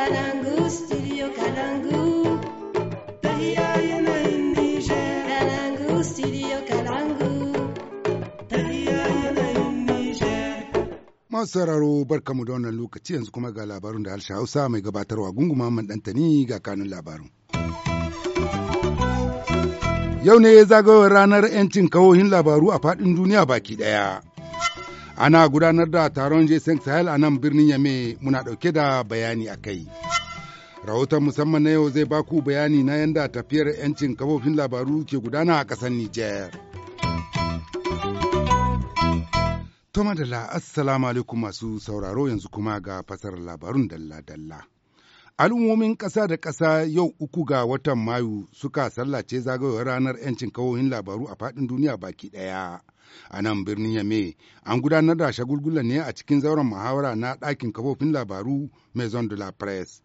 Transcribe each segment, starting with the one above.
Kalangu, studio sauraro barkamu da wannan lokaci yanzu kuma ga labarin da harshe Hausa mai gabatarwa gunguma man dantani, ga kanun labarin. Yau ne zagayowar ranar 'yancin kawohin labaru a faɗin duniya baki ɗaya. ana gudanar da taron jason sahel a nan birnin yame muna ɗauke da bayani a kai rahoton musamman na yau zai baku bayani na yadda tafiyar 'yancin kafofin labaru ke gudana a ƙasar niger tomadala assalamu alaikum masu sauraro yanzu kuma ga fasar labarun dalla-dalla Al'ummomin ƙasa da ƙasa yau uku ga watan Mayu suka sallace zagayowar ranar 'yancin kawohin labaru a faɗin duniya baki ɗaya. A nan birnin Yame, an gudanar da shagulgula ne a cikin zauren muhawara na ɗakin kafofin labaru Maison de la Presse.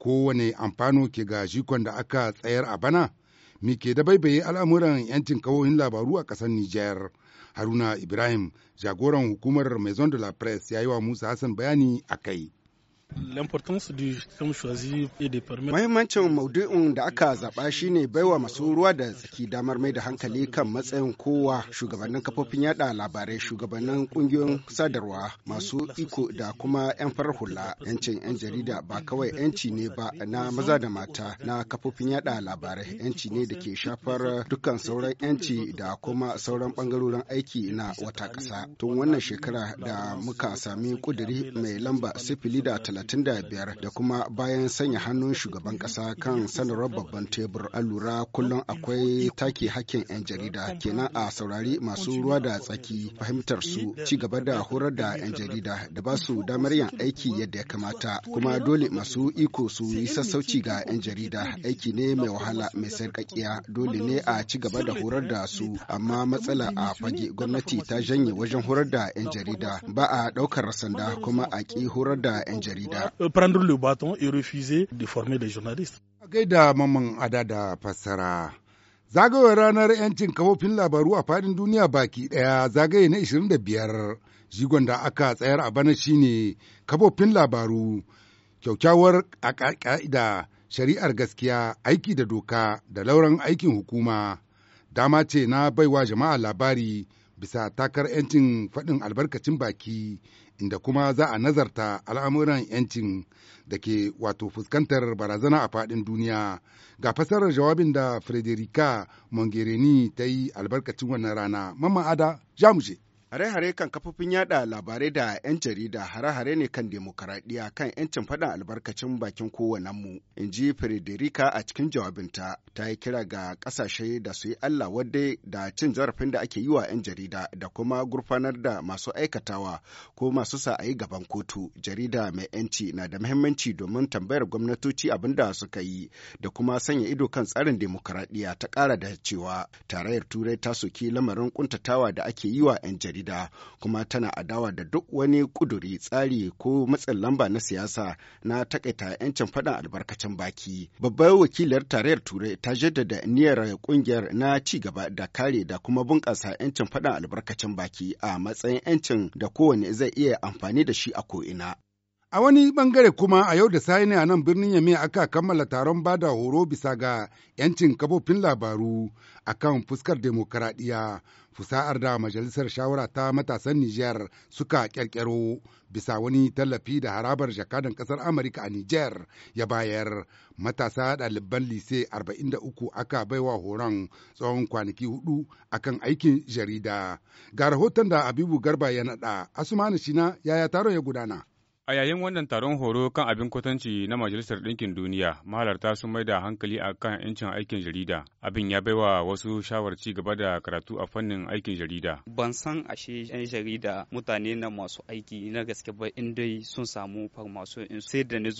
Kowane amfano ke ga shikon da aka tsayar a bana, Mi ke da baibaye al'amuran 'yancin kawohin labaru a ƙasar Nijar. Haruna Ibrahim, jagoran hukumar Maison de la Presse, ya yi wa Musa Hassan bayani a kai. mahimmancin maudu'in da aka zaɓa shine baiwa masu ruwa da tsaki damar mai da hankali kan matsayin kowa shugabannin kafofin yada labarai shugabannin ƙungiyoyin sadarwa masu iko da kuma 'yan farar hula 'yancin 'yan jarida ba kawai 'yanci ne ba na maza da mata na kafofin yada labarai 'yanci ne da ke shafar dukkan sauran 'yanci da kuma sauran ɓangarorin aiki na wata ƙasa. Tun wannan shekara da muka sami ƙuduri mai lamba sifili da talatin 35 da kuma bayan sanya hannun shugaban ƙasa kan sanarwar babban tebur a lura kullum akwai take hakkin 'yan jarida kenan a saurari masu ruwa da tsaki fahimtar su ci gaba da horar da 'yan jarida da ba su damar yin aiki yadda ya kamata kuma dole masu iko su yi sassauci ga 'yan jarida aiki ne mai wahala mai sarƙaƙiya dole ne a ci gaba da horar da su amma matsala a fage gwamnati ta janye wajen horar da 'yan jarida ba a ɗaukar sanda kuma a ƙi horar da 'yan jarida da euh, prendre le bâton et refuser de former les journalistes gaida mamman adada da fassara zagayowar ranar 'yancin kafofin labaru a faɗin duniya baki ɗaya zagaye na 25 Zigon da aka tsayar a bana shine kafofin labaru kyaukyawar a ka'ida shari'ar gaskiya aiki da doka da lauran aikin hukuma dama ce na baiwa jama'a labari bisa takar 'yancin faɗin albarkacin baki inda kuma za a nazarta al'amuran 'yancin da ke wato fuskantar barazana a faɗin duniya ga fasarar jawabin da frederica mogherini ta yi albarkacin wannan rana mamma ada jamuje. Hare-hare kan kafofin yada labarai da 'yan jarida hare-hare ne kan demokaradiyya kan 'yancin faɗin albarkacin bakin mu in ji Frederica a cikin jawabinta ta yi kira ga kasashe da su yi Allah wadda da cin zarafin da ake yi wa 'yan jarida da kuma gurfanar da masu aikatawa ko masu sa a yi gaban kotu. Jarida mai 'yanci na da muhimmanci domin tambayar gwamnatoci abin da suka yi da kuma sanya ido kan tsarin demokaradiyya ta kara da cewa tarayyar Turai ta soki lamarin kuntatawa da ake yi wa 'yan jarida. gida kuma tana adawa da duk wani kuduri tsari ko matsin lamba na siyasa na takaita 'yancin faɗin albarkacin baki. Babbar wakilar tarayyar Turai ta jaddada niyyar kungiyar na ci gaba da kare da kuma bunƙasa 'yancin faɗin albarkacin baki a matsayin 'yancin da kowane zai iya amfani da shi a ko'ina. A wani ɓangare kuma a yau da Sani ne a nan birnin Yame aka kammala taron bada horo bisa ga 'yancin kafofin labaru a kan fuskar demokaradiyya fusa'ar da Majalisar Shawara ta Matasan Nijar suka ƙirƙiro bisa wani tallafi da harabar jakadan ƙasar Amurka a Nijar ya bayar. Matasa ɗaliban lise 43 aka baiwa horon tsawon kwanaki hudu akan aikin jarida. Ga rahoton da Abibu Garba ya naɗa, Asumani Shina yaya taron ya gudana. A yayin wannan taron horo kan abin kwatanci na Majalisar Ɗinkin Duniya, mahalarta sun mai da hankali a kan 'yancin aikin jarida. Abin ya baiwa wasu shawar ci gaba da karatu a fannin aikin jarida. Ban san ashe 'yan jarida mutane na masu aiki na gaske ba in dai sun samu farmaso in sai da ni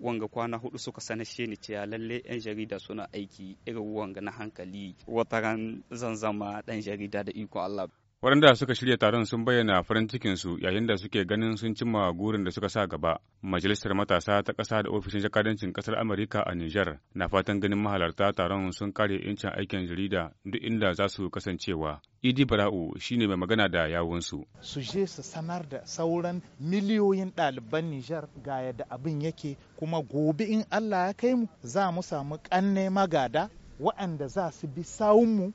wanga kwana hudu suka sana sanashe ni cewa lalle 'yan jarida suna aiki irin wanga na hankali. Wataran zan zama ɗan jarida da iko Allah. Waɗanda suka shirya taron sun bayyana farin cikinsu yayin da suke ganin sun cimma gurin da suka sa gaba. Majalisar Matasa ta ƙasa da ofishin jakadancin ƙasar Amurka a Nijar na fatan ganin mahalarta taron sun kare 'yancin aikin jarida duk inda za su kasancewa. Idi Bara'u shine mai magana da yawunsu. Su je su sanar da sauran miliyoyin ɗaliban Nijar ga yadda abin yake kuma gobe in Allah ya kai mu za mu samu ƙanne magada waɗanda za su bi sawunmu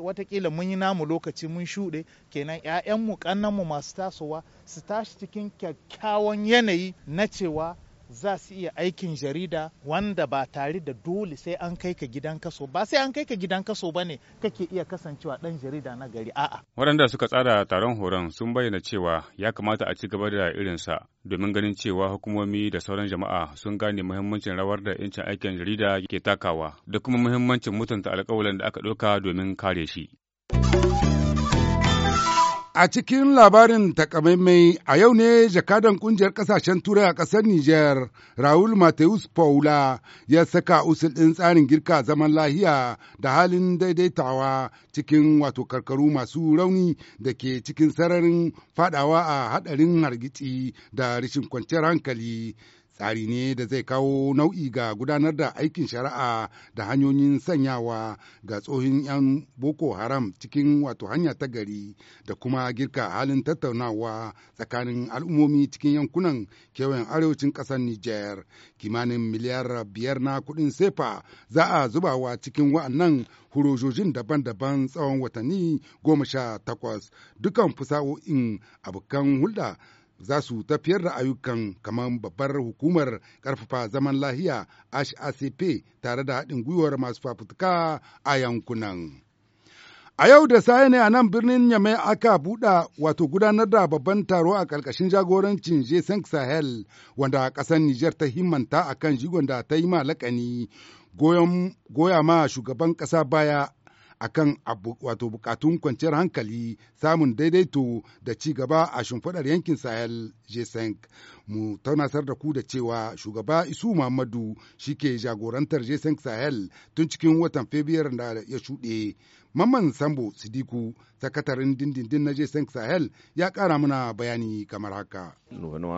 watakila mun yi namu lokaci mun shuɗe kenan 'ya'yanmu kannanmu masu tasowa su tashi cikin kyakkyawan yanayi na cewa za su iya aikin jarida wanda ba tare da dole sai an kai ka gidan kaso ba sai an kai ka gidan kaso ba ne kake iya kasancewa ɗan jarida na gari a'a. Waɗanda suka tsara taron horon sun bayyana cewa ya kamata a ci gaba da irinsa domin ganin cewa hukumomi da sauran jama'a sun gane muhimmancin rawar da 'yancin aikin jarida ke takawa da kuma muhimmancin mutunta alƙawalin da aka ɗauka domin kare shi. A cikin labarin takamaimai a yau ne jakadan kungiyar kasashen turai a ƙasar Nijar, Raul Mateus Paula ya saka usul ɗin tsarin girka zaman lahiya da halin daidaitawa cikin wato karkaru masu rauni da ke cikin sararin fadawa a haɗarin hargitsi da rashin kwanciyar hankali. tsari ne da zai kawo nau'i ga gudanar da aikin shari'a da hanyoyin sanyawa ga tsohon 'yan boko haram cikin wato hanya ta gari da kuma girka halin tattaunawa tsakanin al'ummomi cikin yankunan kewayen arewacin ƙasar niger kimanin miliyar biyar na kuɗin sefa za a zubawa cikin wa'annan hurojojin daban-daban tsawon watanni goma sha takwas dukan fusa'o'in abokan hulɗa za su tafiyar da ayyukan kamar babbar hukumar karfafa zaman lahiya HACP tare da haɗin gwiwar masu fafutuka a yankunan. A yau da saye ne a nan birnin Yamai aka buɗa wato gudanar da babban taro a ƙarƙashin jagorancin Jason Sahel wanda ƙasar Nijar ta himmanta a kan jigon da ta yi malakani goya ma shugaban ƙasa baya a kan wato bukatun kwanciyar hankali samun daidaito da ci gaba a shimfiɗar yankin sahel j mu taunasar da ku da cewa shugaba isu muhammadu shi ke jagorantar j sahel tun cikin watan fabiyar da ya shuɗe Mamman Sambo Sidiku, sakataren dindindin na Jason Sahel ya kara mana bayani kamar haka. Mun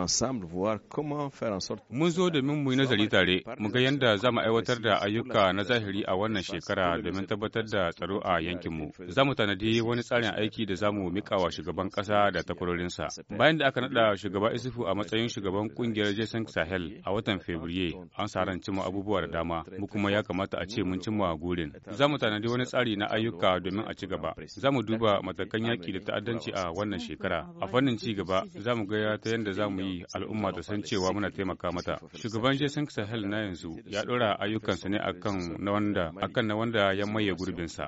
zo domin mu yi nazari tare, mu ga yadda za mu aiwatar da ayyuka na zahiri a wannan shekara domin tabbatar da tsaro a yankinmu. Za mu tanadi wani tsarin aiki da za mu mika wa shugaban ƙasa da takwarorinsa. Bayan da aka naɗa shugaba Isufu a matsayin shugaban ƙungiyar Jason Sahel a watan Fabriye, an saran cimma abubuwa da dama, mu kuma ya kamata a ce mun cimma gurin. Za mu tanadi wani tsari na ayyuka domin a ci gaba. Za mu duba matakan yaki da ta'addanci a wannan shekara. A fannin ci gaba za mu gaya ta yadda za mu yi al'umma ta san cewa muna taimaka mata. Shugaban Jason Sahel na yanzu ya ɗora ayyukansa ne akan na wanda akan na wanda ya maye gurbinsa.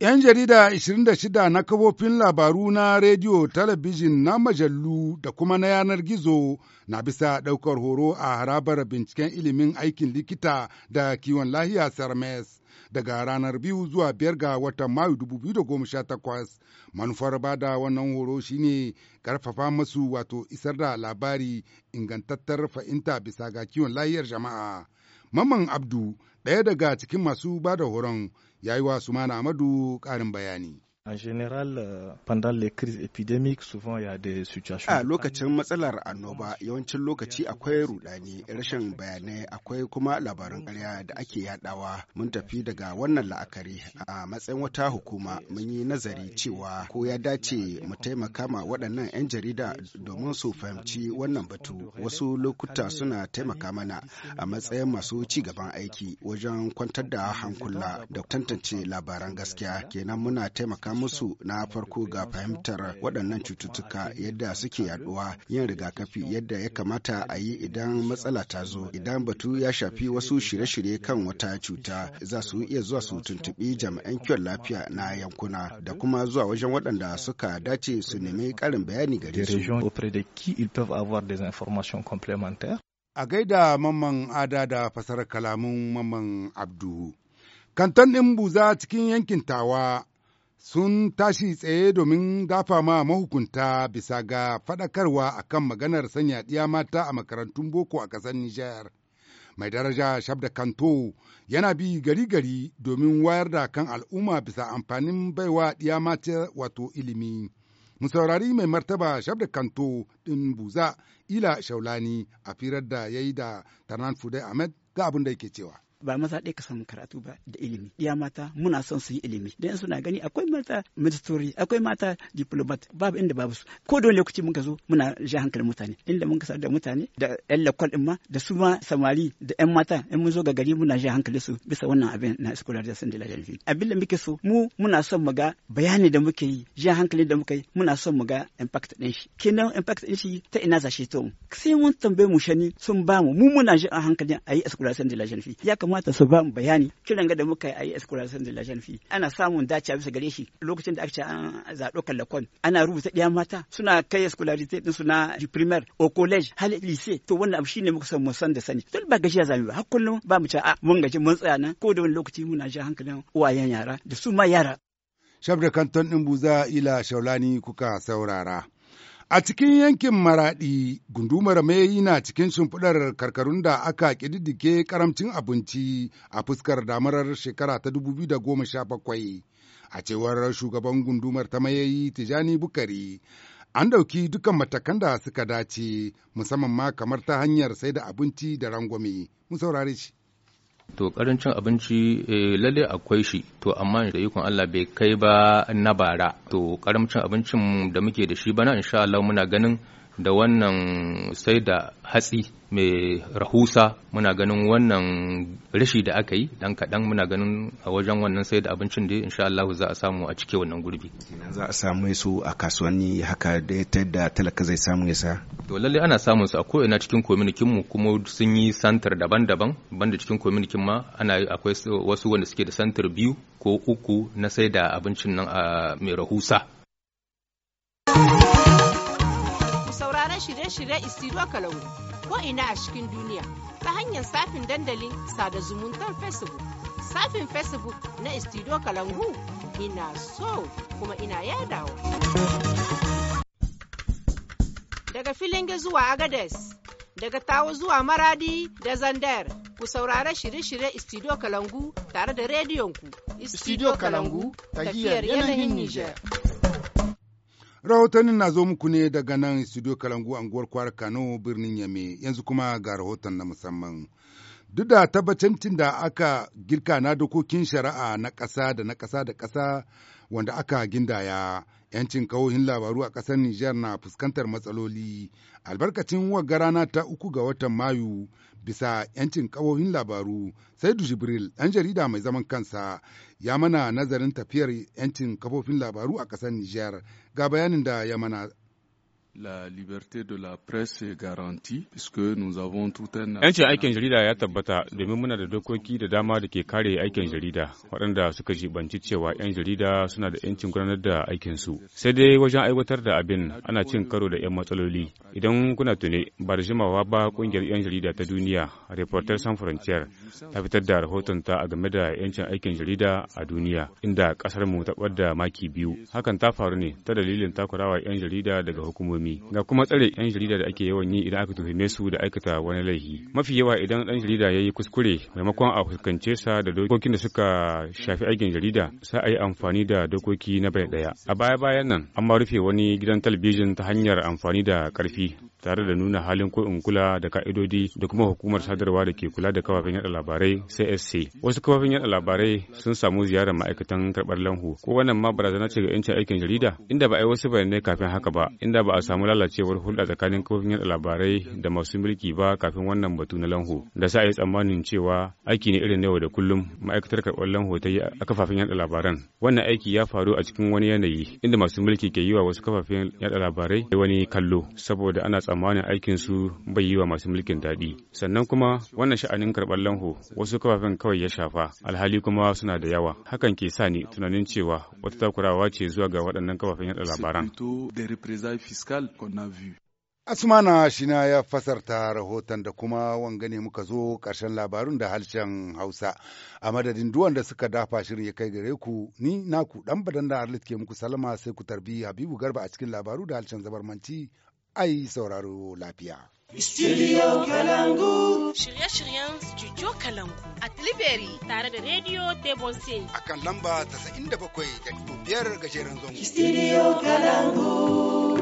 ‘Yan jarida 26 na kafofin labaru na rediyo, talabijin na majallu da kuma na yanar gizo na bisa ɗaukar horo a harabar binciken ilimin aikin likita da kiwon lahiya sarmes daga ranar biyu zuwa biyar ga watan Mayu 2018. Manufar ba da wannan horo shine karfafa masu wato isar da labari ingantattar fahimta bisa ga kiwon lahiyar jama'a. Maman Abdu, ɗaya daga cikin masu bada horon, ya yi wa Sumana Amadu ƙarin bayani. En général, euh, pendant les crises épidémiques, souvent il y a des situations. A lokacin matsalar annoba yawancin lokaci akwai rudani, rashin bayanai, akwai kuma labaran ƙarya da ake yadawa. Mun tafi daga wannan la'akari a matsayin wata hukuma mun yi nazari cewa ko ya dace mu taimaka ma waɗannan 'yan jarida domin su fahimci wannan batu. Wasu lokuta suna taimaka mana a matsayin masu ci gaban aiki wajen kwantar da hankula da tantance labaran gaskiya. Kenan muna taimaka musu na farko ga fahimtar waɗannan cututtuka yadda suke yaduwa yin rigakafi yadda ya kamata a yi idan matsala ta zo idan batu ya shafi wasu shirye-shirye kan wata cuta za su iya zuwa su tuntuɓi jami'an kiwon lafiya na yankuna da kuma zuwa wajen waɗanda suka dace su nemi ƙarin bayani gare A gaida mamman ada da fasarar kalamun mamman Abdu. Kantan ɗin buza cikin yankin tawa sun tashi tsaye domin dafa ma mahukunta bisa ga faɗakarwa a kan maganar sanya ɗiya mata a makarantun boko a ƙasar Nijar. Mai daraja Shabda Kanto yana bi gari-gari domin wayar da kan al'umma bisa amfanin baiwa ɗiya mata wato ilimi. Mu saurari mai martaba Shabda Kanto ɗin Buza Ila Shaulani a firar da ya yi da Tarnan Fudai Ahmed ga abin da yake cewa. ba maza ɗaya ka samu karatu ba da ilimi ya mata muna son su yi ilimi don suna gani akwai mata ministry akwai mata diplomat babu inda babu su ko don lokaci muka zo muna ja hankalin mutane inda mun kasar da mutane da yan lakwal ɗin ma da su ma samari da yan mata in mun zo ga gari muna ja hankalin su bisa wannan abin na scolarization da sun jeune abin da muke so mu muna son mu ga bayani da muke yi ja hankalin da muke yi muna son mu ga impact din shi kenan impact ɗin shi ta ina zashe to sai mun tambaye mu shani sun ba mu mu muna ja hankalin a yi scolarization da sun ya kamata su ba mu bayani kiran ga da muka yi a yi escolarisation da la fi ana samun dace bisa gare shi lokacin da aka ce an zaɗo kallakon ana rubuta ɗaya mata suna kai escolarité din su na primaire au collège hal lycée to wannan abu shine muka san musan da sani tun ba ya zamu ba har kullum ba mu ce a mun gaji mun tsaya nan ko da wani lokaci muna ji hankalin uwayen yara da su ma yara Shabda kanton ɗin buza ila shaulani kuka saurara. A cikin yankin Maraɗi, gundumar mai na cikin shimfiɗar karkarun da aka ƙididdike karamcin abinci a fuskar damarar shekara ta 2017, a cewar shugaban gundumar ta mayayi Tijani Bukari. An ɗauki dukan matakan da suka dace, musamman ma kamar ta hanyar sai da abinci da rangwame. mun saurare shi. to karancin abinci eh, lalle akwai shi to amma da ikon Allah bai kai ba na bara to karancin abincin da muke da shi bana insha Allah muna ganin da wannan sai da hatsi mai rahusa muna ganin wannan rashi da aka yi dan kaɗan muna ganin a wajen wannan sai da abincin da insha Allah za a samu a cike wannan gurbi za a samu su a kasuwanni haka da ta da talaka zai samu ya sa to lalle ana samun su a ko ina cikin community mu kuma sun yi santar daban-daban banda cikin community ma ana akwai wasu wanda suke da santar biyu ko uku na sai da abincin nan a ah, mai rahusa shirye-shirye istiro kalangu ko ina a cikin duniya ta hanyar safin dandalin sada zumuntar facebook safin facebook na istiro kalangu ina so kuma ina yadawa daga filinge zuwa agades daga tawo zuwa maradi da zandar ku saurara shirye-shirye istiro kalangu tare da rediyonku istiro kalangu tafiyar yanayin niger Rahotannin na zo muku ne daga nan studio Kalangu anguwar kwara Kano birnin Yame yanzu kuma ga rahoton na musamman. Duk da tabbacin da aka girka na dokokin shari'a na ƙasa da na ƙasa da ƙasa wanda aka gindaya 'Yancin kawohin labaru a ƙasar Nijar na fuskantar matsaloli albarkacin waga rana ta uku ga watan Mayu bisa 'yancin kawohin labaru sai Jibril ɗan jarida mai zaman kansa ya mana nazarin tafiyar 'yancin kafofin labaru a ƙasar Nijar ga bayanin da ya mana La liberté de la presse est garantie puisque nous avons tout un Yancin aikin jarida ya tabbata domin muna da dokoki da dama da ke kare aikin jarida waɗanda suka jibanci cewa 'yan jarida suna da 'yancin gudanar da aikin su. Sai dai wajen aiwatar da abin ana cin karo da 'yan matsaloli. Idan kuna tune ba da jimawa ba kungiyar 'yan jarida ta duniya Reporter Sans Frontières ta fitar da rahoton ta a game da 'yancin aikin jarida a duniya inda kasar mu ta ɓadda maki biyu. Hakan ta faru ne ta dalilin takurawa 'yan jarida daga hukumomi. ne ga kuma tsare 'yan jarida da ake yawan yi idan aka tuhume su da aikata wani laifi. Mafi yawa idan ɗan jarida ya yi kuskure maimakon a fuskance sa da dokokin da suka shafi aikin jarida sa a yi amfani da dokoki na bai ɗaya. A baya-bayan nan an ma rufe wani gidan talabijin ta hanyar amfani da ƙarfi tare da nuna halin ko in kula da ka'idodi da kuma hukumar sadarwa da ke kula da kafafen yada labarai CSC. Wasu kafafen yada labarai sun samu ziyarar ma'aikatan karɓar lanhu ko wannan ma barazana ce ga 'yancin aikin jarida inda ba a yi wasu bayanai kafin haka ba inda ba a samu lalacewar hulɗa tsakanin kafofin yada labarai da masu mulki ba kafin wannan batu na lanho da sa yi tsammanin cewa aiki ne irin yau da kullum ma'aikatar karɓar lanho ta yi a kafafen yada labaran wannan aiki ya faru a cikin wani yanayi inda masu mulki ke yi wa wasu kafafen yada labarai da wani kallo saboda ana tsammanin aikin su bai yi wa masu mulkin daɗi sannan kuma wannan sha'anin karɓar lanho wasu kafafen kawai ya shafa alhali kuma suna da yawa hakan ke sa ni tunanin cewa wata takurawa ce zuwa ga waɗannan kafafen yada labaran. Senegal qu'on a vu. Asmana shina ya fasarta rahoton da kuma wangane muka zo karshen labarun da harshen Hausa. A madadin duwan da suka dafa shirin ya kai gare ku, ni naku dan badan da Arlit ke muku salama sai ku tarbi Habibu Garba a cikin labaru da harshen zabarmanci ai sauraro lafiya. Studio Kalangu. Shirye-shiryen Studio Kalangu a Tilibiri tare da Radio Table A kan lamba 97.5 gajeren zango. Studio Kalangu.